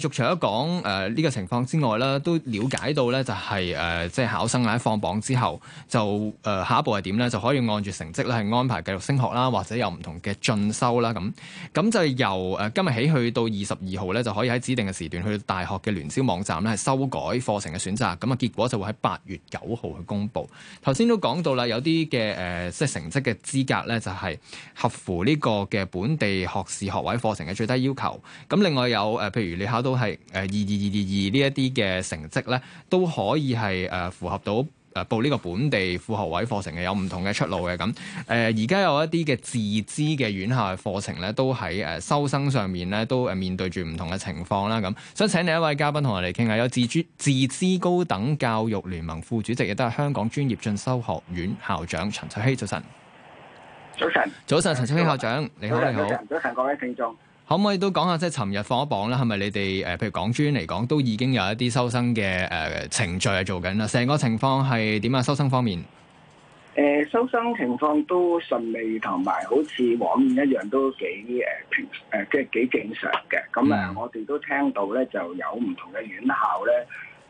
續除咗講誒呢個情況之外啦，都了解到咧就係、是、誒、呃、即係考生喺放榜之後，就誒、呃、下一步係點咧？就可以按住成績咧係安排繼續升學啦，或者有唔同嘅進修啦咁。咁就由誒、呃、今日起去到二十二號咧，就可以喺指定嘅時段去到大學嘅聯招網站咧係修改課程嘅選擇。咁啊結果就會喺八月九號去公佈。頭先都講到啦，有啲嘅誒即係成績嘅資格咧就係、是、合乎呢個嘅本地學士學位課程嘅最低要求。咁另外有誒譬如你考到。都係誒二二二二二呢一啲嘅成績咧，都可以係誒符合到誒報呢個本地副學位課程嘅，有唔同嘅出路嘅。咁誒而家有一啲嘅自資嘅院校嘅課程咧，都喺誒收生上面咧，都誒面對住唔同嘅情況啦。咁想請你一位嘉賓同我哋傾下，有自專自資高等教育聯盟副主席，亦都係香港專業進修學校校長陳卓禧，早晨。早晨，早晨，陳卓禧校長，你好，你好。早晨，各位聽眾。可唔可以都講下即係尋日放一榜咧，係咪你哋誒，譬如港專嚟講，都已經有一啲收生嘅誒程序係做緊啦？成個情況係點啊？收生方面，誒收生情況都順利，同埋好似往年一樣都幾誒平誒，即係幾正常嘅。咁啊，我哋都聽到咧，就有唔同嘅院校咧，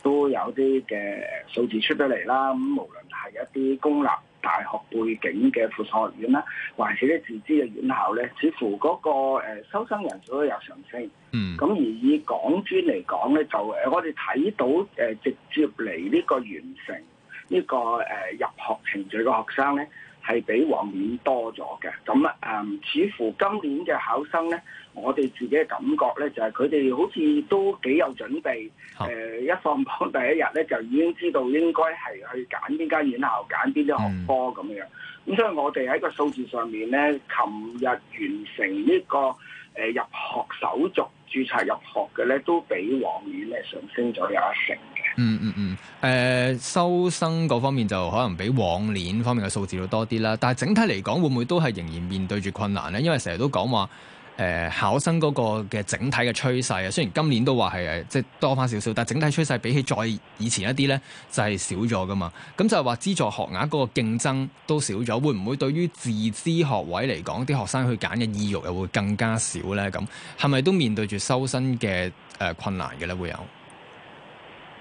都有啲嘅數字出咗嚟啦。咁無論係一啲公立大學背景嘅附屬學院啦，還是啲自資嘅院校咧，似乎嗰、那個、呃、收生人數都有上升。嗯，咁而以港專嚟講咧，就誒我哋睇到誒、呃、直接嚟呢個完成呢、這個誒、呃、入學程序嘅學生咧，係比往年多咗嘅。咁啊、呃，似乎今年嘅考生咧。我哋自己嘅感覺咧，就係佢哋好似都幾有準備。誒行、呃，一放榜第一日咧，就已經知道應該係去揀邊間院校，揀邊啲學科咁樣。咁所以，我哋喺個數字上面咧，琴日完成呢個誒入學手續註冊入學嘅咧，都比往年咧上升咗有一成嘅。嗯嗯嗯。誒、呃，收生嗰方面就可能比往年方面嘅數字要多啲啦。但係整體嚟講，會唔會都係仍然面對住困難咧？因為成日都講話。誒考生嗰個嘅整體嘅趨勢啊，雖然今年都話係誒即係多翻少少，但係整體趨勢比起再以前一啲咧就係、是、少咗噶嘛。咁就係話資助學額嗰個競爭都少咗，會唔會對於自資學位嚟講，啲學生去揀嘅意欲又會更加少咧？咁係咪都面對住收生嘅誒困難嘅咧？會有？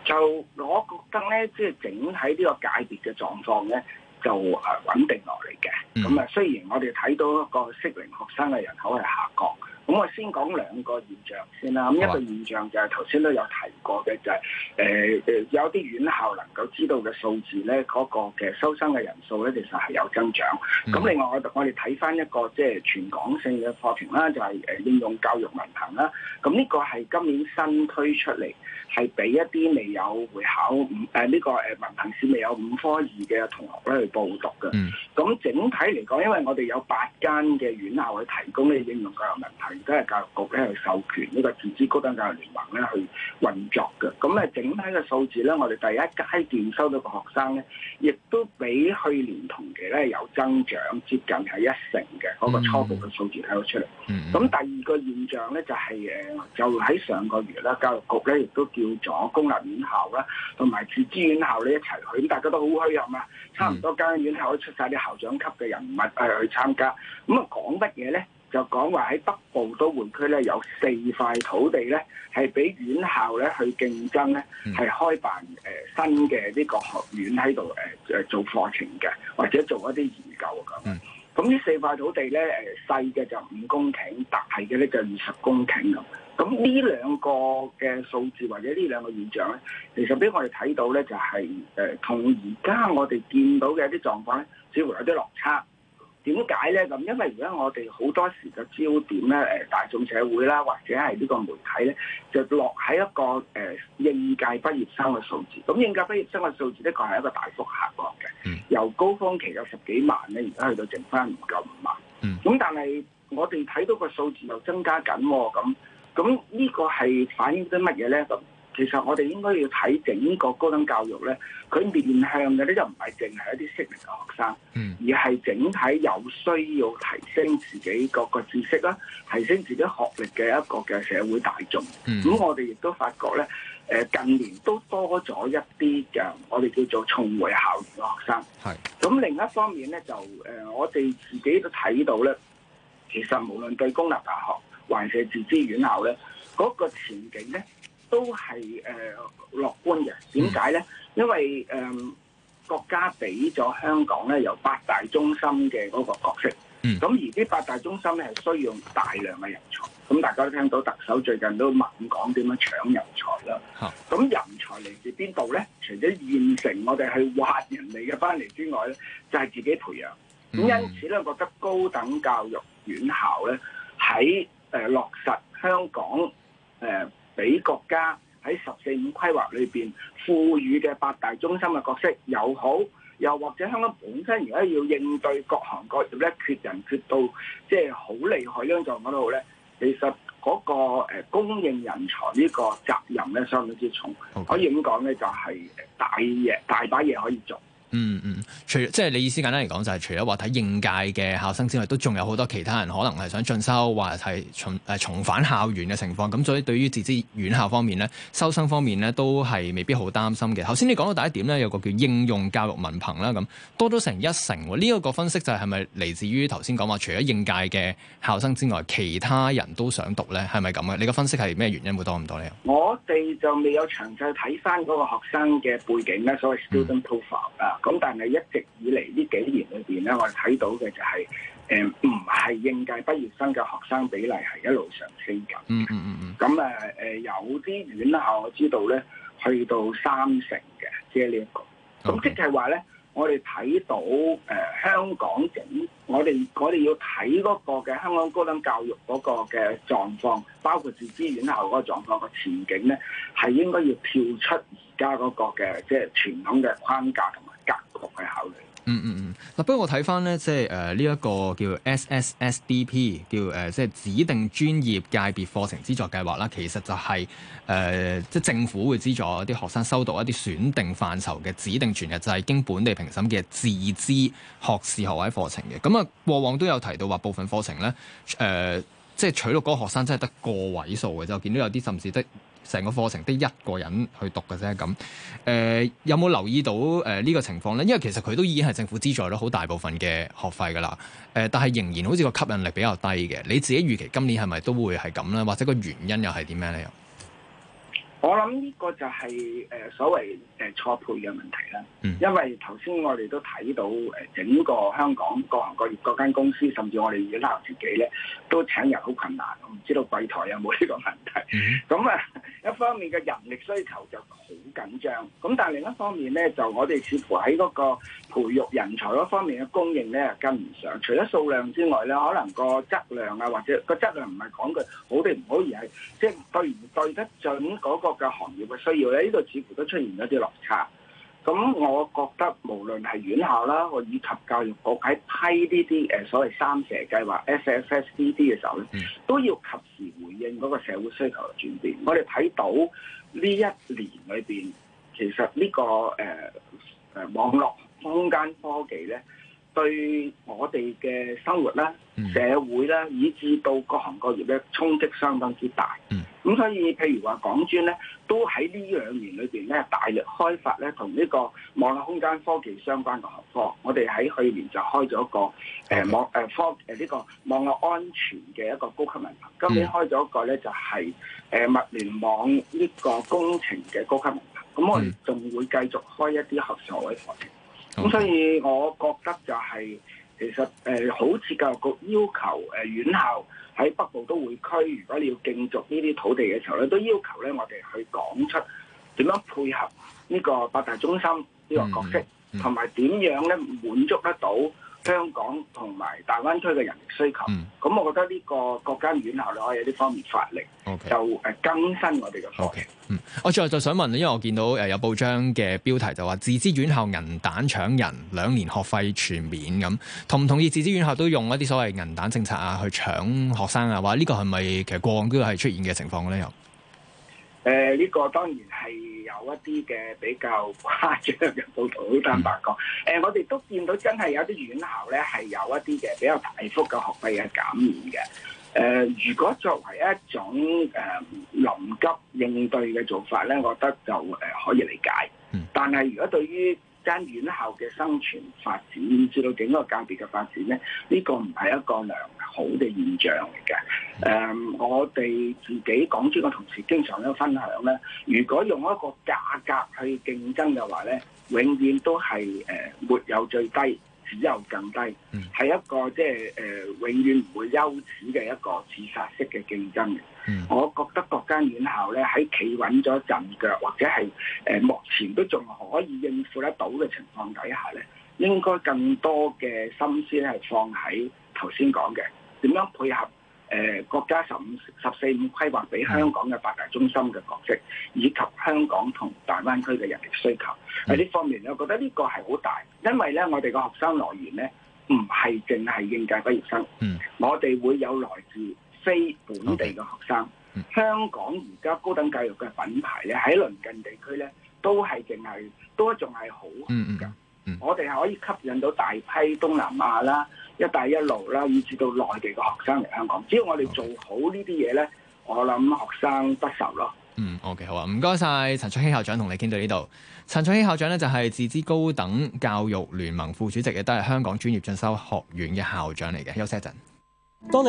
就我覺得咧，即、就、係、是、整體呢個界別嘅狀況咧。就誒穩定落嚟嘅，咁啊雖然我哋睇到一個適齡學生嘅人口係下降嘅。咁我先講兩個現象先啦。咁吧一個現象就係頭先都有提過嘅、就是，就係誒誒有啲院校能夠知道嘅數字咧，嗰、那個嘅收生嘅人數咧，其實係有增長。咁、嗯、另外我我哋睇翻一個即係全港性嘅課程啦，就係誒應用教育文憑啦。咁呢個係今年新推出嚟，係俾一啲未有會考五誒呢、呃這個誒文憑試未有五科二嘅同學咧去報讀嘅。咁、嗯、整體嚟講，因為我哋有八間嘅院校去提供呢應用教育文憑。都係教育局咧去授權呢個自資高等教育聯盟咧去運作嘅，咁咧整體嘅數字咧，我哋第一階段收到嘅學生咧，亦都比去年同期咧有增長，接近係一成嘅嗰、那個初步嘅數字睇到出嚟。咁、mm hmm. 第二個現象咧就係誒，就喺、是、上個月啦，教育局咧亦都叫咗公立院校啦同埋自資院校咧一齊去，咁大家都好墟冚啊，mm hmm. 差唔多間院校都出晒啲校長級嘅人物誒去參加，咁啊講乜嘢咧？就講話喺北部都會區咧，有四塊土地咧，係俾院校咧去競爭咧，係開辦誒、呃、新嘅呢個學院喺度誒誒做課程嘅，或者做一啲研究咁。咁呢四塊土地咧誒細嘅就五公頃，大嘅咧就二十公頃啦。咁呢兩個嘅數字或者呢兩個現象咧，其實俾我哋睇到咧就係誒同而家我哋見到嘅一啲狀況咧，似乎有啲落差。點解咧咁？因為而家我哋好多時嘅焦點咧，誒大眾社會啦，或者係呢個媒體咧，就落喺一個誒、呃、應屆畢業生嘅數字。咁應屆畢業生嘅數字呢個係一個大幅下降嘅，由高峰期有十幾萬咧，而家去到剩翻唔夠五萬。咁但係我哋睇到個數字又增加緊喎，咁咁呢個係反映啲乜嘢咧咁？其實我哋應該要睇整個高等教育咧，佢面向嘅咧就唔係淨係一啲適齡嘅學生，嗯，而係整體有需要提升自己各個知識啦，提升自己學歷嘅一個嘅社會大眾。嗯，咁我哋亦都發覺咧，誒近年都多咗一啲嘅，我哋叫做重回校園嘅學生。係，咁另一方面咧就誒，我哋自己都睇到咧，其實無論對公立大學還是自資院校咧，嗰個前景咧。都係誒樂觀嘅，點解咧？因為誒、呃、國家俾咗香港咧由八大中心嘅嗰個角色，咁、嗯、而啲八大中心咧係需要大量嘅人才，咁、嗯嗯、大家都聽到特首最近都猛講點樣搶人才啦。咁好人才嚟自邊度咧？除咗現成我哋去挖人哋嘅返嚟之外咧，就係、是、自己培養。咁、嗯、因此咧，覺得高等教育院校咧喺誒落實香港誒。呃呃俾國家喺十四五規劃裏邊賦予嘅八大中心嘅角色又好，又或者香港本身而家要應對各行各業咧，缺人缺到即係好厲害呢種狀況咧，其實嗰個供應人才呢個責任咧相當之重，Okay. 可以咁講咧，就係大嘢大把嘢可以做。嗯嗯，除即係你意思簡單嚟講，就係、是、除咗話睇應屆嘅考生之外，都仲有好多其他人可能係想進修或係重誒重返校園嘅情況。咁所以對於自資院校方面咧，收生方面咧都係未必好擔心嘅。頭先你講到第一點咧，有個叫應用教育文憑啦，咁多咗成一成。呢、這、一個分析就係係咪嚟自於頭先講話，除咗應屆嘅考生之外，其他人都想讀咧，係咪咁嘅？你個分析係咩原因會多唔多咧？我哋就未有詳細睇返嗰個學生嘅背景咧，所謂 student profile 啊。嗯咁但係一直以嚟呢幾年裏邊咧，我哋睇到嘅就係誒唔係應屆畢業生嘅學生比例係一路上升緊、嗯。嗯嗯嗯嗯。咁誒誒有啲院校我知道咧，去到三成嘅，即係呢一個。咁 Okay. 即係話咧，我哋睇到誒、呃、香港整，我哋我哋要睇嗰個嘅香港高等教育嗰個嘅狀況，包括自資院校嗰個狀況嘅前景咧，係應該要跳出而家嗰個嘅即係傳統嘅框架。嗯嗯嗯，嗱、嗯、不過我睇返咧，即係誒呢一個叫 SSSDP，叫誒、呃、即係指定專業界別課程資助計劃啦。其實就係、是、誒、呃、即係政府會資助一啲學生收到一啲選定範疇嘅指定全日制、就是、經本地評審嘅自資學士學位課程嘅。咁啊過往都有提到話部分課程咧誒、呃，即係取錄嗰個學生真係得個位數嘅，就見到有啲甚至得、就是。成個課程得一個人去讀嘅啫咁，誒、呃、有冇留意到誒呢、呃這個情況呢？因為其實佢都已經係政府資助咗，好大部分嘅學費噶啦，誒、呃、但係仍然好似個吸引力比較低嘅。你自己預期今年係咪都會係咁呢？或者個原因又係點咩呢？我諗呢個就係誒所謂誒錯配嘅問題啦。嗯、因為頭先我哋都睇到誒整個香港各行各業嗰間公司，甚至我哋而家自己咧都請人好困難。我唔知道櫃台有冇呢個問題。咁啊、嗯、～、嗯一方面嘅人力需求就好緊張，咁但係另一方面咧，就我哋似乎喺嗰個培育人才嗰方面嘅供應咧跟唔上，除咗數量之外咧，可能個質量啊，或者個質量唔係講句好哋唔好，而係即係對唔對得準嗰個嘅行業嘅需要咧，呢度似乎都出現咗啲落差。咁，我覺得無論係院校啦，或以及教育局喺批呢啲誒所謂三社計劃 SSSDP 嘅時候咧，都要及時回應嗰個社會需求嘅轉變，我哋睇到呢一年裏邊其實呢、這個誒誒、呃、網絡空間科技咧，對我哋嘅生活啦、嗯、社會啦，以至到各行各業咧，衝擊相當之大。嗯。咁所以，譬如話港專咧，都喺呢兩年裏邊咧，大力開發咧同呢個網絡空間科技相關嘅學科。我哋喺去年就開咗一個誒、呃、Okay. 網誒、呃、科誒呢、呃這個網絡安全嘅一個高級文憑。今年開咗一個咧就係誒物聯網呢個工程嘅高級文憑。咁我哋仲會繼續開一啲學術嘅課程。咁 Okay. 所以，我覺得就係、是、其實誒、呃，好似教育局要求誒院校。喺北部都會區，如果你要競逐呢啲土地嘅時候咧，都要求咧我哋去講出點樣配合呢個八大中心呢個角色，同埋點樣咧滿足得到香港同埋大灣區嘅人力需求，咁、嗯、我覺得呢個國家院校咧可以有呢方面發力，Okay. 就誒更新我哋嘅課程。我最後就想問，因為我見到誒有報章嘅標題就話自資院校銀彈搶人，兩年學費全免咁，同唔同意自資院校都用一啲所謂銀彈政策啊去搶學生啊？話呢、這個係咪其實過往都係出現嘅情況呢？又誒、呃、呢、這個當然係。有一啲嘅比較誇張嘅報導呢，坦白講，誒我哋都見到真係有啲院校咧係有一啲嘅比較大幅嘅學費嘅減免嘅，誒如果作為一種誒臨急應對嘅做法咧，我覺得就誒可以理解，但係如果對於間院校嘅生存發展，至到整、這個教別嘅發展咧，呢個唔係一個良好嘅現象嚟嘅。誒、um,，我哋自己港專嘅同事經常都分享咧，如果用一個價格去競爭嘅話咧，永遠都係誒、呃、沒有最低。只有更低，係、嗯、一個即係誒永遠唔會休止嘅一個自殺式嘅競爭嘅。嗯、我覺得各間院校咧喺企穩咗陣腳，或者係誒、呃、目前都仲可以應付得到嘅情況底下咧，應該更多嘅心思咧係放喺頭先講嘅點樣配合誒、呃、國家十五十四五規劃俾香港嘅八大中心嘅角色，嗯、以及香港同大灣區嘅人力需求。喺呢方面，我覺得呢個係好大，因為咧，我哋嘅學生來源咧，唔係淨係應屆畢業生，嗯、我哋會有來自非本地嘅學生。嗯、香港而家高等教育嘅品牌咧，喺鄰近地區咧，都係淨係都仲係好嘅。嗯嗯、我哋係可以吸引到大批東南亞啦、一帶一路啦，以至到內地嘅學生嚟香港。只要我哋做好呢啲嘢咧，我諗學生不愁咯。嗯，OK，好啊，唔該晒。陳卓禧校長同你傾到呢度。陳卓禧校長咧就係自資高等教育聯盟副主席嘅，亦都係香港專業進修學院嘅校長嚟嘅。休息一陣。